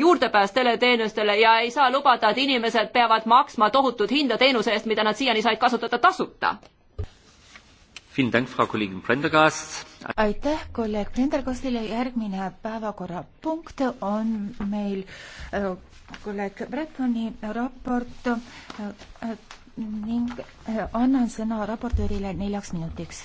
juurdepääs teleteenustele ja ei saa lubada, et inimesed peavad maksma tohutut hinda teenuse eest, mida nad siiani said kasutada tasuta. aitäh kolleeg Prendergastile, järgmine päevakorrapunkt on meil äh, kolleeg Bretoni raport äh, äh ning äh, annan sõna raportöörile neljaks minutiks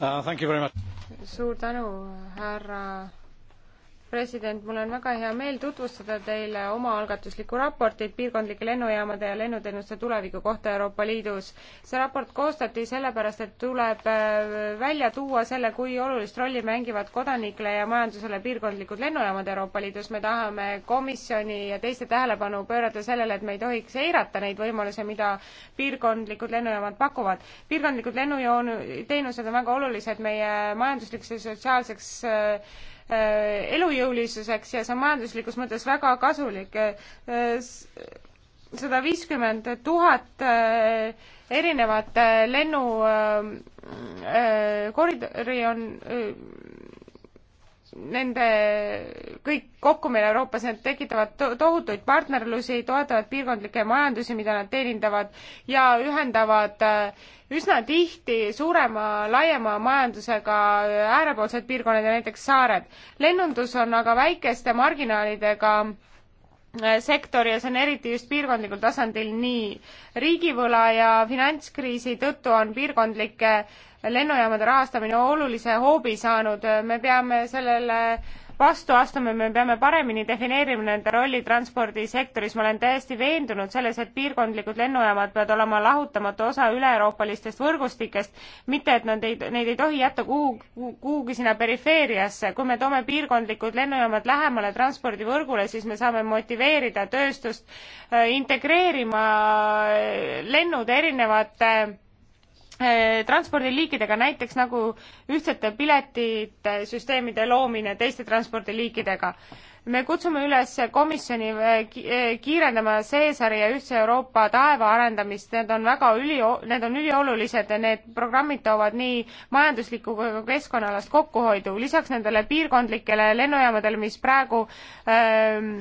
Uh, suur tänu, härra president, mul on väga hea meel tutvustada teile omaalgatuslikku raportit piirkondlike lennujaamade ja lennuteenuste tuleviku kohta Euroopa Liidus. see raport koostati sellepärast, et tuleb äh, välja tuua selle, kui olulist rolli mängivad kodanikele ja majandusele piirkondlikud lennujaamad Euroopa Liidus. me tahame komisjoni ja teiste tähelepanu pöörata sellele, et me ei tohiks eirata neid võimalusi, mida piirkondlikud lennujaamad pakuvad. piirkondlikud lennujoon-, teenused on väga olulised meie majandusliks ja sotsiaalseks äh, Äh, elujõulisuseks ja see on majanduslikus mõttes väga kasulik. Äh, sada viiskümmend tuhat äh, erinevat lennukoridori on nende kõik kokku meil Euroopas, need tekitavad to tohutuid partnerlusi, toetavad piirkondlikke majandusi, mida nad teenindavad ja ühendavad äh, üsna tihti suurema, laiema majandusega äh, äärepoolsed piirkonnad ja näiteks saared. lennundus on aga väikeste marginaalidega äh, sektor ja see on eriti just piirkondlikul tasandil nii. riigivõla ja finantskriisi tõttu on piirkondlike lennujaamade rahastamine olulise hoobi saanud, me peame sellele vastu astume, me peame paremini defineerima nende rolli transpordisektoris, ma olen täiesti veendunud selles, et piirkondlikud lennujaamad peavad olema lahutamatu osa üle-euroopalistest võrgustikest, mitte et nad ei, neid ei tohi jätta kuhu, kuhugi sinna perifeeriasse, kui me toome piirkondlikud lennujaamad lähemale transpordivõrgule, siis me saame motiveerida tööstust äh, integreerima äh, lennud erinevate Äh, transpordiliikidega, näiteks nagu ühtsete piletite süsteemide loomine teiste transpordiliikidega. me kutsume üles komisjoni äh, äh, kiirendama Seesari ja Ühtse Euroopa taeva arendamist, need on väga üli, need on üliolulised ja need programmid toovad nii majanduslikku kui ka keskkonnaalast kokkuhoidu. lisaks nendele piirkondlikele lennujaamadele, mis praegu ähm,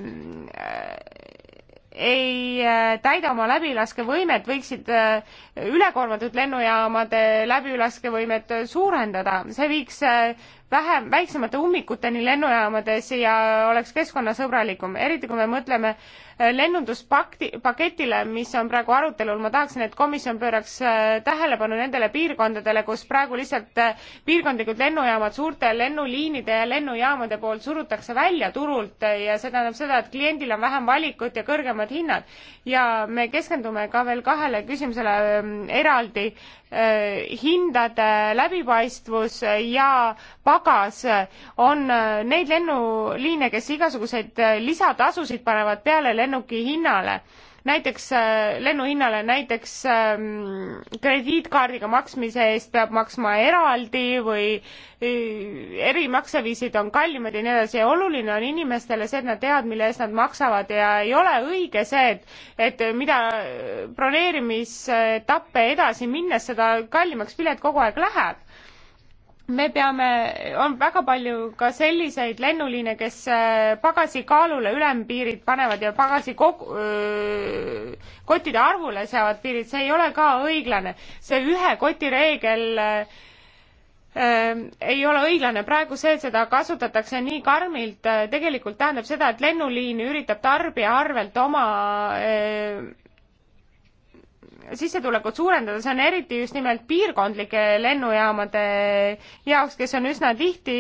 ei äh, täida oma läbilaskevõimet, võiksid äh, ülekoormatud lennujaamade läbilaskevõimet äh, suurendada. see viiks vähem, väiksemate ummikuteni lennujaamades ja oleks keskkonnasõbralikum, eriti kui me mõtleme äh, lennunduspakti, paketile, mis on praegu arutelul, ma tahaksin, et komisjon pööraks äh, tähelepanu nendele piirkondadele, kus praegu lihtsalt äh, piirkondlikud lennujaamad suurte lennuliinide ja lennujaamade poolt surutakse välja turult ja see tähendab seda, et kliendil on vähem valikut ja kõrgemad hinnad. ja me keskendume ka veel kahele küsimusele ähm, eraldi, hindade läbipaistvus ja pagas on äh, neid lennuliine, kes igasuguseid äh, lisatasusid panevad peale lennuki hinnale, näiteks äh, lennuhinnale, näiteks ähm, krediitkaardiga maksmise eest peab maksma eraldi või erimakseviisid on kallimad ja nii edasi ja oluline on inimestele see, et nad teavad, mille eest nad maksavad ja ei ole õige see, et, et mida broneerimisetappe edasi minnes, seda kallimaks pilet kogu aeg läheb me peame, on väga palju ka selliseid lennuliine, kes äh, pagasi kaalule ülempiirid panevad ja pagasi kogu, äh, öö, kottide arvule seavad piirid, see ei ole ka õiglane. see ühe koti reegel öö, äh, ei ole õiglane. praegu see, et seda kasutatakse nii karmilt, tegelikult tähendab seda, et lennuliin üritab tarbija arvelt oma öö, sissetulekut suurendada, see on eriti just nimelt piirkondlike lennujaamade jaoks, kes on üsna tihti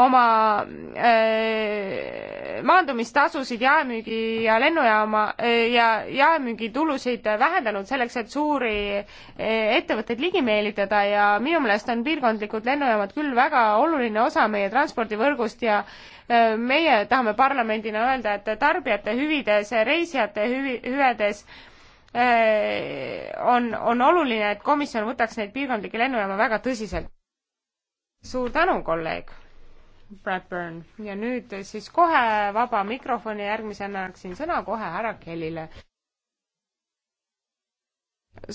oma äh, maandumistasusid jaemüügi ja lennujaama äh, ja jaemüügitulusid vähendanud selleks, et suuri äh, ettevõtteid ligi meelitada ja minu meelest on piirkondlikud lennujaamad küll väga oluline osa meie transpordivõrgust ja äh, meie tahame parlamendina öelda, et tarbijate hüvides, reisijate hüvi, hüvedes äh, Äh, on, on oluline, et komisjon võtaks neid piirkondlikke lennujaama väga tõsiselt. suur tänu, kolleeg Bradburn ja nüüd siis kohe vaba mikrofoni, järgmisena annaksin sõna kohe härra Kellile.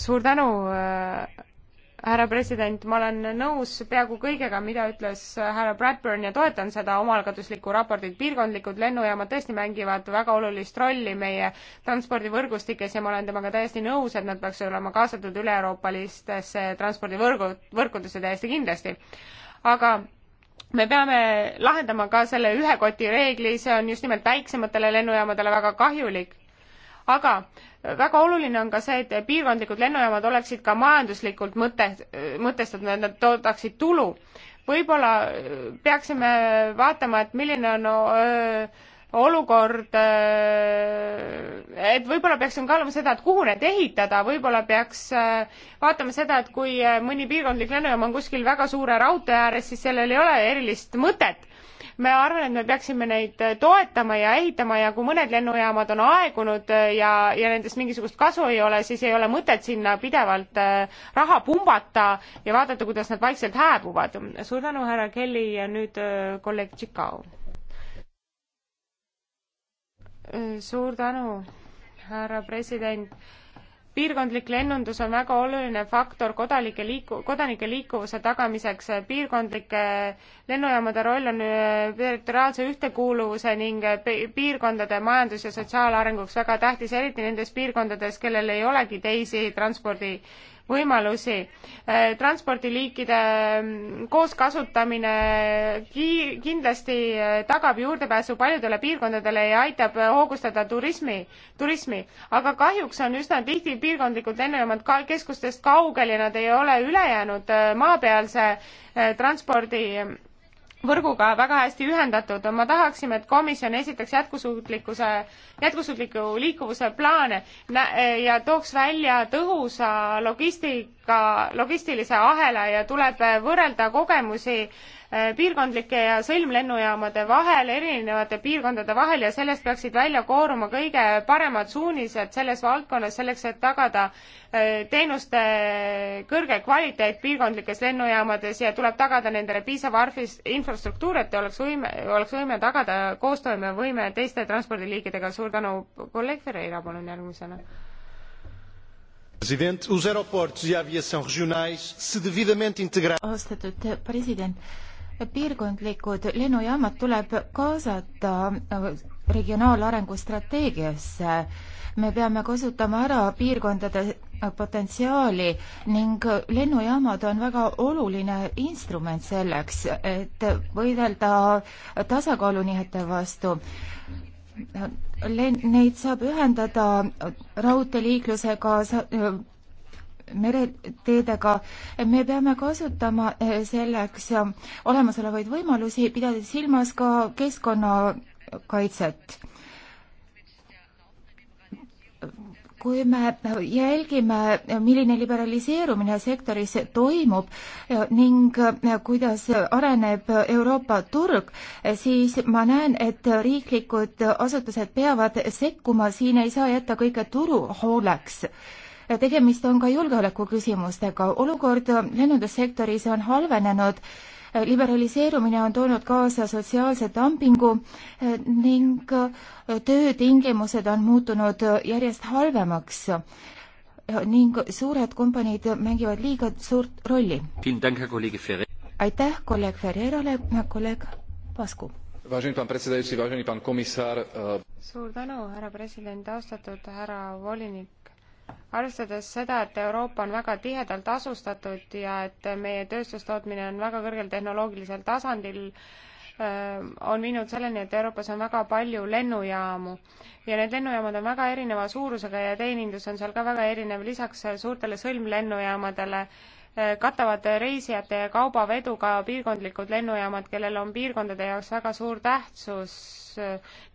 suur tänu äh, härra president, ma olen nõus peaaegu kõigega, mida ütles härra Bradburn ja toetan seda omalgatuslikku raportit. piirkondlikud lennujaamad tõesti mängivad väga olulist rolli meie transpordivõrgustikes ja ma olen temaga täiesti nõus, et nad peaksid olema kaasatud üle-euroopalistesse transpordivõrgu, võrkudesse täiesti kindlasti. aga me peame lahendama ka selle ühe koti reegli, see on just nimelt väiksematele lennujaamadele väga kahjulik aga väga oluline on ka see, et piirkondlikud lennujaamad oleksid ka majanduslikult mõte, mõtestatud, et nad toodaksid tulu. võib-olla äh, peaksime vaatama, et milline on no, äh, öö, olukord, äh, et võib-olla peaksime kaaluma seda, et kuhu need ehitada, võib-olla peaks vaatama seda, et kui mõni piirkondlik lennujaam on kuskil väga suure raudtee ääres, siis sellel ei ole erilist mõtet ma arvan, et me peaksime neid toetama ja ehitama ja kui mõned lennujaamad on aegunud ja, ja nendest mingisugust kasu ei ole, siis ei ole mõtet sinna pidevalt äh, raha pumbata ja vaadata, kuidas nad vaikselt hääbuvad. suur tänu, härra Kelly ja nüüd äh, kolleeg Tšikau. Äh, suur tänu, härra president piirkondlik lennundus on väga oluline faktor kodanike liiku-, kodanike liikuvuse tagamiseks. piirkondlike lennujaamade roll on äh, territoriaalse ühtekuuluvuse ning äh, piirkondade majandus- ja sotsiaalarenguks väga tähtis, eriti nendes piirkondades, kellel ei olegi teisi transpordi võimalusi. Äh, transpordiliikide mm, kooskasutamine ki-, kindlasti äh, tagab juurdepääsu paljudele piirkondadele ja aitab äh, hoogustada turismi, turismi. aga kahjuks on üsna tihti piirkondlikud lennujaamad ka keskustest kaugel ja nad ei ole ülejäänud maapealse transpordi võrguga väga hästi ühendatud. ma tahaksime, et komisjon esitaks jätkusuutlikkuse, jätkusuutliku liikuvuse plaane ja tooks välja tõhusa logistik-, logistika, logistilise ahela ja tuleb võrrelda kogemusi äh, piirkondlike ja sõlmlennujaamade vahel, erinevate piirkondade vahel ja sellest peaksid välja kooruma kõige paremad suunised selles valdkonnas, selleks et tagada äh, teenuste kõrge kvaliteet piirkondlikes lennujaamades ja tuleb tagada nendele piisav arvis, infrastruktuur, et oleks võime, oleks võime tagada koostoimevõime teiste transpordiliikidega. suur tänu, kolleeg Ferreira, palun järgmisena president, os aeroportos ja e aviação regionais se devidamente integra-. austatud president, piirkondlikud lennujaamad tuleb kaasata äh, regionaalarengu strateegiasse. me peame kasutama ära piirkondade äh, potentsiaali ning lennujaamad on väga oluline instrument selleks, et võidelda tasakaalunihete vastu Neid saab ühendada raudteeliiklusega, mereteedega. me peame kasutama selleks olemasolevaid võimalusi, pidades silmas ka keskkonnakaitset kui me jälgime, milline liberaliseerumine sektoris toimub eh, ning eh, kuidas areneb Euroopa turg, eh, siis ma näen, et riiklikud asutused peavad sekkuma, siin ei saa jätta kõike turu hooleks tegemist on ka julgeoleku küsimustega. olukord lennundussektoris on halvenenud liberaliseerumine on toonud kaasa sotsiaalse dumpingu eh, ning eh, töötingimused on muutunud eh, järjest halvemaks ning suured kompaniid mängivad liiga suurt rolli. aitäh kolleeg Ferreirale, kolleeg Pasku. suur tänu, härra president, austatud härra volinik arvestades seda, et Euroopa on väga tihedalt asustatud ja et meie tööstustootmine on väga kõrgel tehnoloogilisel tasandil, ähm, on viinud selleni, et Euroopas on väga palju lennujaamu ja need lennujaamad on väga erineva suurusega ja teenindus on seal ka väga erinev, lisaks suurtele sõlmlennujaamadele äh, katavad reisijate ja kaubavedu ka piirkondlikud lennujaamad, kellel on piirkondade jaoks väga suur tähtsus.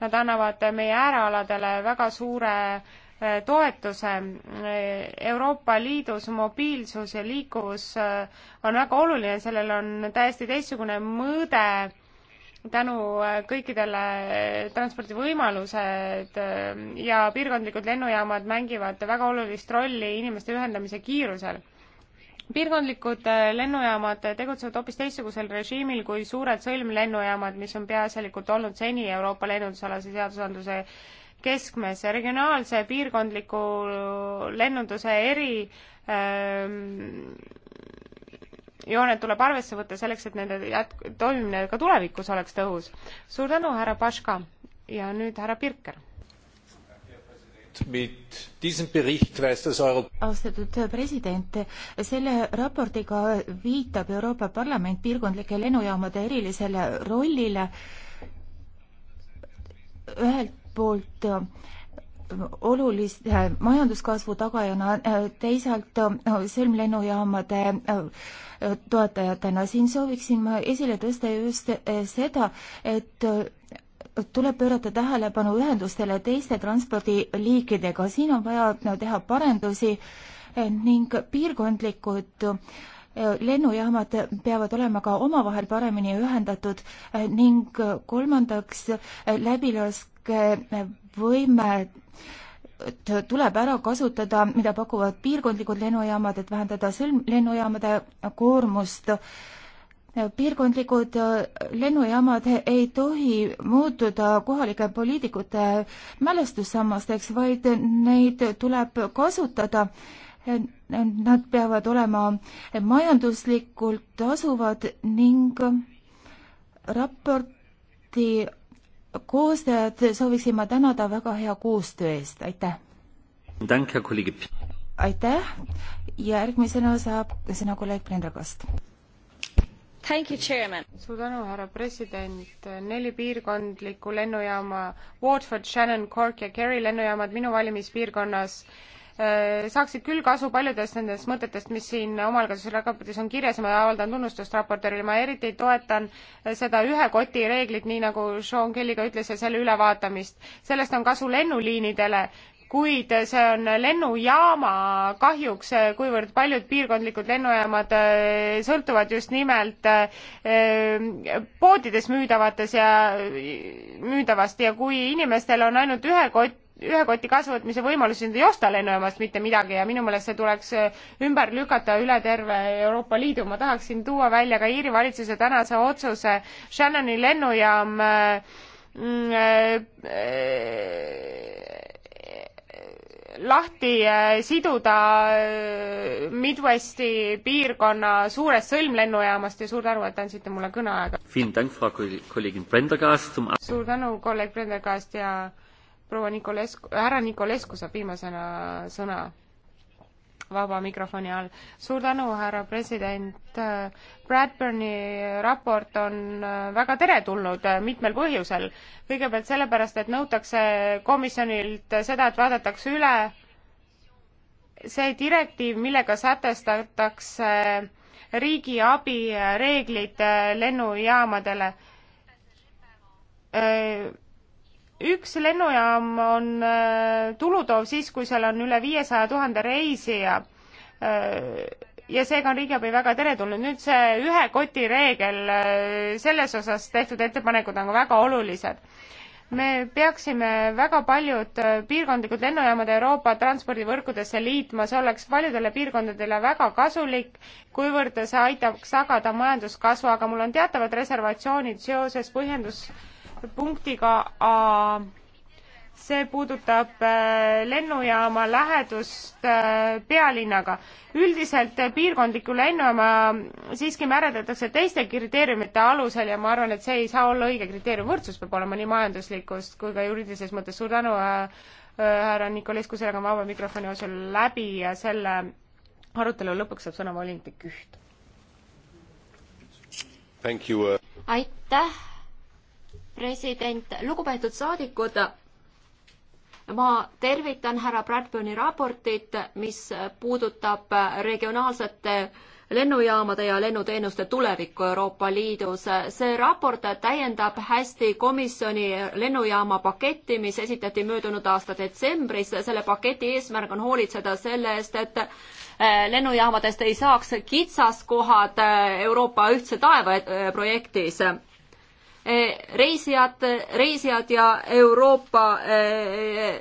Nad annavad meie äärealadele väga suure äh, toetuse. Euroopa Liidus mobiilsus ja liikuvus äh, on väga oluline, sellel on täiesti teistsugune mõõde tänu äh, kõikidele äh, transpordivõimalused ja piirkondlikud lennujaamad mängivad väga olulist rolli inimeste ühendamise kiirusel. piirkondlikud lennujaamad tegutsevad hoopis teistsugusel režiimil kui suured sõlmlennujaamad, mis on peaasjalikult olnud seni Euroopa lennundusalase seadusandluse keskmes. regionaalse piirkondliku lennunduse eri ähm, jooned tuleb arvesse võtta selleks, et nende jätk-, toimimine ka tulevikus oleks tõhus. suur tänu, härra Paška ja nüüd härra Pirker. austatud president, selle raportiga viitab Euroopa Parlament piirkondlike lennujaamade erilisele rollile ühelt poolt äh, olulise äh, majanduskasvu tagajana, äh, teisalt sõlmlennujaamade toetajatena. siin sooviksin ma esile tõsta just seda, et tuleb pöörata tähelepanu ühendustele teiste transpordiliikidega, siin on vaja teha parendusi ning piirkondlikud lennujaamad peavad olema ka omavahel paremini ühendatud ning kolmandaks läbilask kodanike eh, võime tuleb ära kasutada, mida pakuvad piirkondlikud lennujaamad, et vähendada sõlmlennujaamade koormust. piirkondlikud eh, lennujaamad ei tohi muutuda kohalike poliitikute mälestussammasteks, vaid neid tuleb kasutada. Nad peavad olema majanduslikult tasuvad ning raporti koostajad sooviksin ma tänada väga hea koostöö eest, aitäh! aitäh, järgmisena saab sõna kolleeg Brenda Kast. suur tänu, härra president, neli piirkondlikku lennujaama, Watford, Shannon, Cork ja Kerry lennujaamad minu valimispiirkonnas Äh, saaksid küll kasu paljudest nendest mõtetest, mis siin omalgatusraportis on kirjas ja ma avaldan tunnustust raportöörile, ma eriti toetan äh, seda ühe koti reeglit, nii nagu Sean Kelly ka ütles, ja selle ülevaatamist. sellest on kasu lennuliinidele, kuid äh, see on lennujaama kahjuks, kuivõrd paljud piirkondlikud lennujaamad sõltuvad just nimelt poodides müüdavates ja müüdavast ja kui inimestel on ainult ühe kott ühe koti kasuvõtmise võimalusi, nad ei osta lennujaamast mitte midagi ja minu meelest see tuleks äh, ümber lükata üle terve Euroopa Liidu. ma tahaksin tuua välja ka Iiri valitsuse tänase otsuse Shannoni lennujaam äh, mm, äh, lahti siduda Midwesti piirkonna suurest sõlmlennujaamast ja suur tänu, et andsite mulle kõneaega. suur tänu, kolleeg Prendergast ja proua Nikolesku, härra Nikolesku saab viimasena sõna vaba mikrofoni all. suur tänu, härra president. Bradburni raport on äh, väga teretulnud äh, mitmel põhjusel. kõigepealt sellepärast, et nõutakse komisjonilt seda, et vaadatakse üle see direktiiv, millega sätestatakse riigi abireeglid äh, lennujaamadele üks lennujaam on äh, tulutoov siis, kui seal on üle viiesaja tuhande reisija äh, ja seega on riigiabi väga teretulnud. nüüd see ühe koti reegel, äh, selles osas tehtud ettepanekud on ka väga olulised. me peaksime väga paljud piirkondlikud lennujaamad Euroopa transpordivõrkudesse liitma, see oleks paljudele piirkondadele väga kasulik, kuivõrd see aitaks tagada majanduskasvu, aga mul on teatavad reservatsioonid seoses põhjendus punktiga A. see puudutab äh, lennujaama lähedust äh, pealinnaga. üldiselt piirkondlikku lennujaama siiski määratletakse teiste kriteeriumite alusel ja ma arvan, et see ei saa olla õige kriteerium, võrdsus peab olema nii majanduslikust kui ka juriidilises mõttes. suur tänu äh, härra Nikolescu, sellega on vaba mikrofoni osa läbi ja selle arutelu lõpuks saab sõna volinik Küht aitäh, president, lugupeetud saadikud, ma tervitan härra Bradburni raportit, mis puudutab regionaalsete lennujaamade ja lennuteenuste tulevikku Euroopa Liidus. see raport täiendab hästi komisjoni lennujaama paketti, mis esitati möödunud aasta detsembris. selle paketi eesmärk on hoolitseda selle eest, et äh, lennujaamadest ei saaks kitsaskohad äh, Euroopa ühtse taeva äh, projektis Eh, reisijad, reisijad ja Euroopa eh,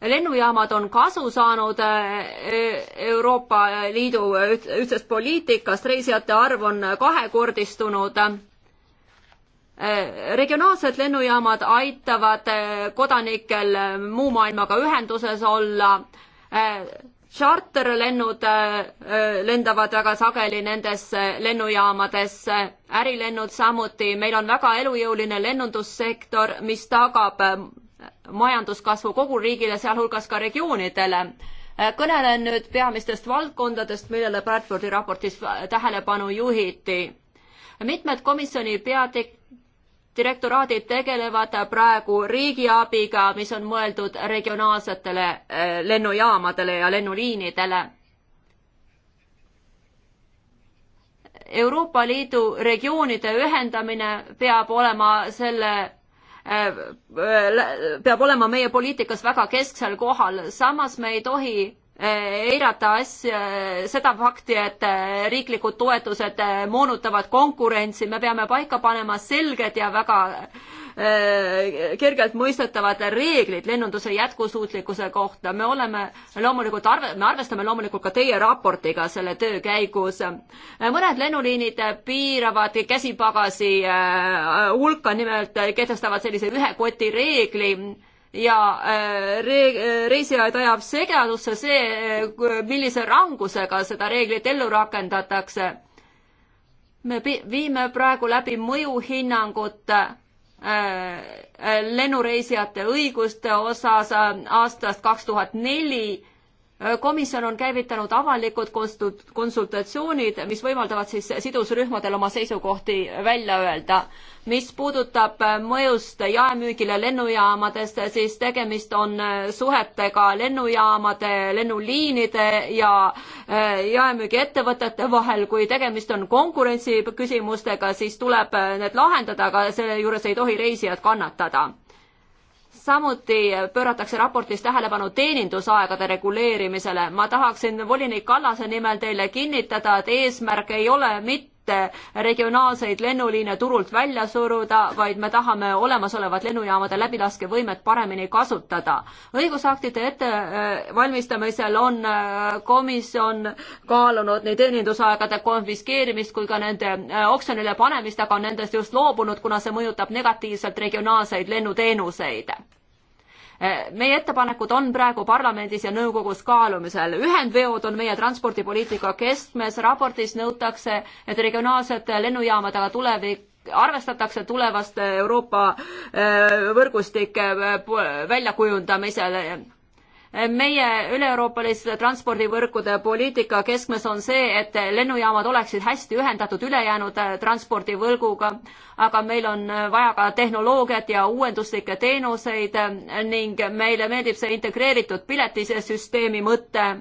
lennujaamad on kasu saanud eh, Euroopa Liidu ühtsest poliitikast, reisijate arv on kahekordistunud regionaalsed lennujaamad aitavad kodanikel muu maailmaga ühenduses olla, charterlennud äh, lendavad väga sageli nendesse lennujaamadesse, ärilennud samuti, meil on väga elujõuline lennundussektor, mis tagab äh, majanduskasvu kogu riigile, sealhulgas ka regioonidele. Äh, kõnelen nüüd peamistest valdkondadest, millele Bradfordi raportis tähelepanu juhiti. mitmed komisjoni peatik-, direktoraadid tegelevad praegu riigiabiga, mis on mõeldud regionaalsetele äh, lennujaamadele ja lennuliinidele. Euroopa Liidu regioonide ühendamine peab olema selle äh, äh, peab olema meie poliitikas väga kesksel kohal, samas me ei tohi eirata asja, seda fakti, et äh, riiklikud toetused äh, moonutavad konkurentsi, me peame paika panema selged ja väga äh, kergelt mõistetavad reeglid lennunduse jätkusuutlikkuse kohta. me oleme loomulikult arve, me arvestame loomulikult ka teie raportiga selle töö käigus. mõned lennuliinid piiravad käsipagasi hulka, nimelt kehtestavad sellise ühe koti reegli ja äh, re-, reisijaid ajab segadusse see, äh, millise rangusega seda reeglit ellu rakendatakse. me viime praegu läbi mõjuhinnangut äh, lennureisijate õiguste osas aastast kaks tuhat neli komisjon on käivitanud avalikud konsultatsioonid, mis võimaldavad siis sidusrühmadel oma seisukohti välja öelda. mis puudutab mõjust jaemüügile lennujaamades, siis tegemist on suhetega lennujaamade, lennuliinide ja äh, jaemüügiettevõtete vahel. kui tegemist on konkurentsi küsimustega, siis tuleb need lahendada, aga selle juures ei tohi reisijad kannatada samuti pööratakse raportis tähelepanu teenindusaegade reguleerimisele. ma tahaksin volinik Kallase nimel teile kinnitada, et eesmärk ei ole mitte mitte regionaalseid lennuliine turult välja suruda, vaid me tahame olemasolevat lennujaamade läbilaskevõimet paremini kasutada. õigusaktide ettevalmistamisel on äh, komisjon kaalunud nii teenindusaegade konfiskeerimist kui ka nende äh, oksjonile panemist, aga on nendest just loobunud, kuna see mõjutab negatiivselt regionaalseid lennuteenuseid meie ettepanekud on praegu parlamendis ja nõukogus kaalumisel. ühendveod on meie transpordipoliitika keskmes, raportis nõutakse, et regionaalsete lennujaamadega tulevik arvestatakse tulevaste Euroopa äh, võrgustike äh, väljakujundamisel meie üle-euroopaliste transpordivõrkude poliitika keskmes on see, et lennujaamad oleksid hästi ühendatud ülejäänud äh, transpordivõrguga, aga meil on vaja ka tehnoloogiat ja uuenduslikke teenuseid äh, ning meile meeldib see integreeritud piletisüsteemi mõte.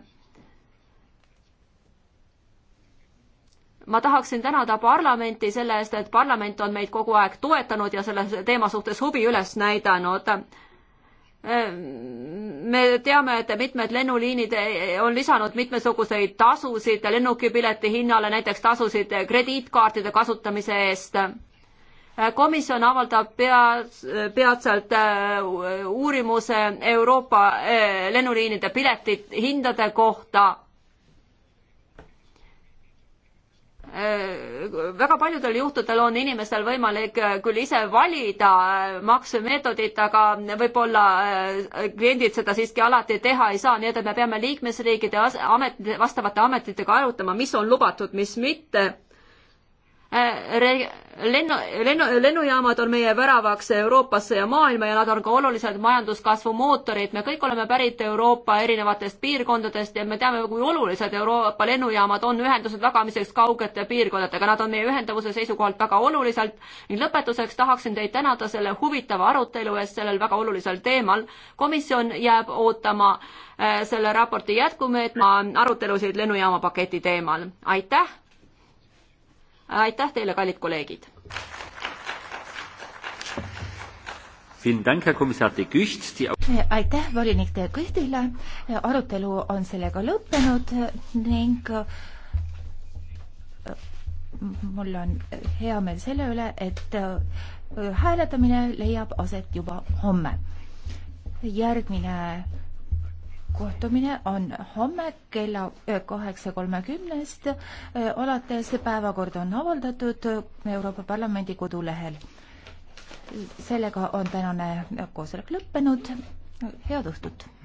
ma tahaksin tänada parlamenti selle eest, et parlament on meid kogu aeg toetanud ja selle teema suhtes huvi üles näidanud äh, me teame, et mitmed lennuliinid on lisanud mitmesuguseid tasusid lennukipileti hinnale, näiteks tasusid krediitkaartide kasutamise eest. komisjon avaldab pea, peatselt äh, uurimuse Euroopa äh, lennuliinide piletihindade kohta Äh, väga paljudel juhtudel on inimestel võimalik äh, küll ise valida äh, maksemeetodit, aga võib-olla kliendid seda siiski alati teha ei saa, nii et me peame liikmesriikide amet, vastavate ametitega arutama, mis on lubatud, mis mitte Äh, lennu, lennu, lennujaamad on meie väravaks Euroopasse ja maailma ja nad on ka olulised majanduskasvu mootorid. me kõik oleme pärit Euroopa erinevatest piirkondadest ja me teame, kui olulised Euroopa lennujaamad on ühenduse tagamiseks kaugete piirkondadega. Nad on meie ühendavuse seisukohalt väga oluliselt ning lõpetuseks tahaksin teid tänada selle huvitava arutelu eest sellel väga olulisel teemal. komisjon jääb ootama äh, selle raporti jätkumeetma arutelusid lennujaamapaketi teemal. aitäh! aitäh teile, kallid kolleegid! aitäh, volinik De Guchtile, arutelu on sellega lõppenud ning äh, mul on hea meel selle üle, et äh, hääletamine leiab aset juba homme. järgmine kohtumine on homme kella äh, kaheksa kolmekümnest äh, alates. päevakord on avaldatud Euroopa Parlamendi kodulehel. sellega on tänane koosolek lõppenud. head õhtut!